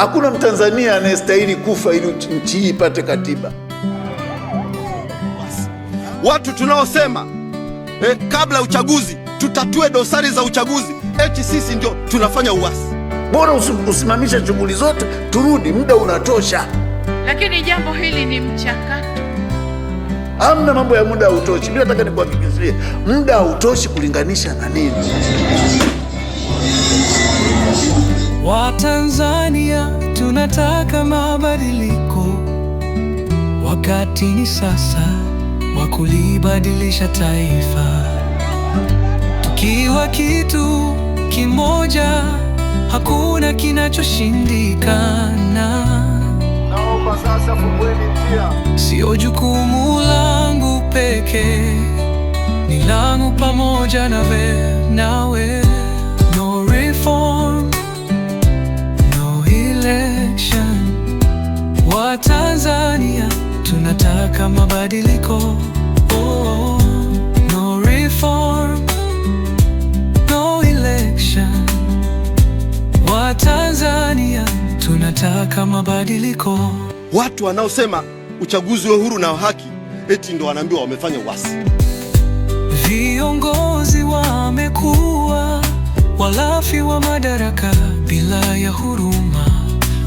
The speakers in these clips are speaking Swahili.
Hakuna Mtanzania anayestahili kufa ili nchi hii ipate katiba. Watu tunaosema eh, kabla uchaguzi tutatue dosari za uchaguzi, eti sisi ndio tunafanya uasi. Bora usimamishe shughuli zote, turudi, muda unatosha. Lakini jambo hili ni mchakato, amna mambo ya muda hautoshi. Mimi nataka nikuhakikishie, muda hautoshi kulinganisha na nini Watanzania tunataka mabadiliko, wakati ni sasa wa kulibadilisha taifa, tukiwa kitu kimoja, hakuna kinachoshindikana. Naomba sasa fungueni njia, sio jukumu langu pekee, ni langu pamoja nawe nawe Nataka mabadiliko oh, oh. No reform, no election. Watanzania tunataka mabadiliko. Watu wanaosema uchaguzi wa huru na haki eti ndo wanaambiwa wamefanya uasi. Viongozi wamekuwa walafi wa madaraka bila ya huruma,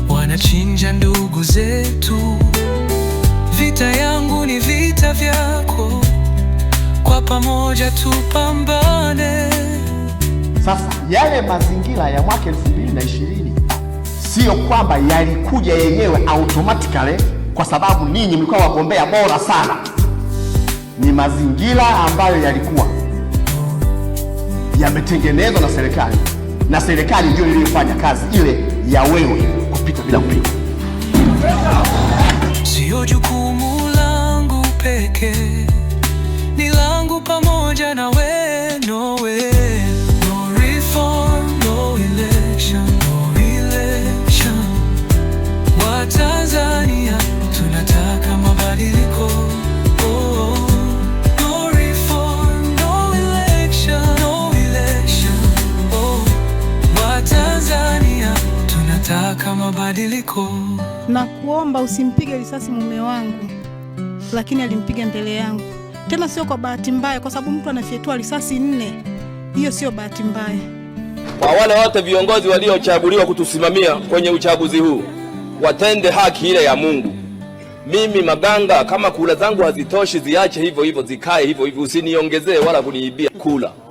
wanachinja ndugu zetu. Vita yangu ni vita vyako, kwa pamoja tupambane. Sasa yale mazingira ya mwaka ishirini siyo kwamba yalikuja yenyewe automatically kwa sababu ninyi mlikuwa wagombea bora sana. Ni mazingira ambayo yalikuwa yametengenezwa na serikali, na serikali ndio iliyofanya kazi ile ya wewe kupita bila kupingwa. mabadiliko. Na kuomba usimpige risasi mume wangu, lakini alimpiga mbele yangu, tena sio kwa bahati mbaya, kwa sababu mtu anafyetua risasi nne, hiyo sio bahati mbaya. Kwa wale wote viongozi waliochaguliwa kutusimamia kwenye uchaguzi huu watende haki ile ya Mungu. Mimi Maganga, kama kula zangu hazitoshi, ziache hivyo hivyo, zikae hivyo hivyo, usiniongezee wala kuniibia kula.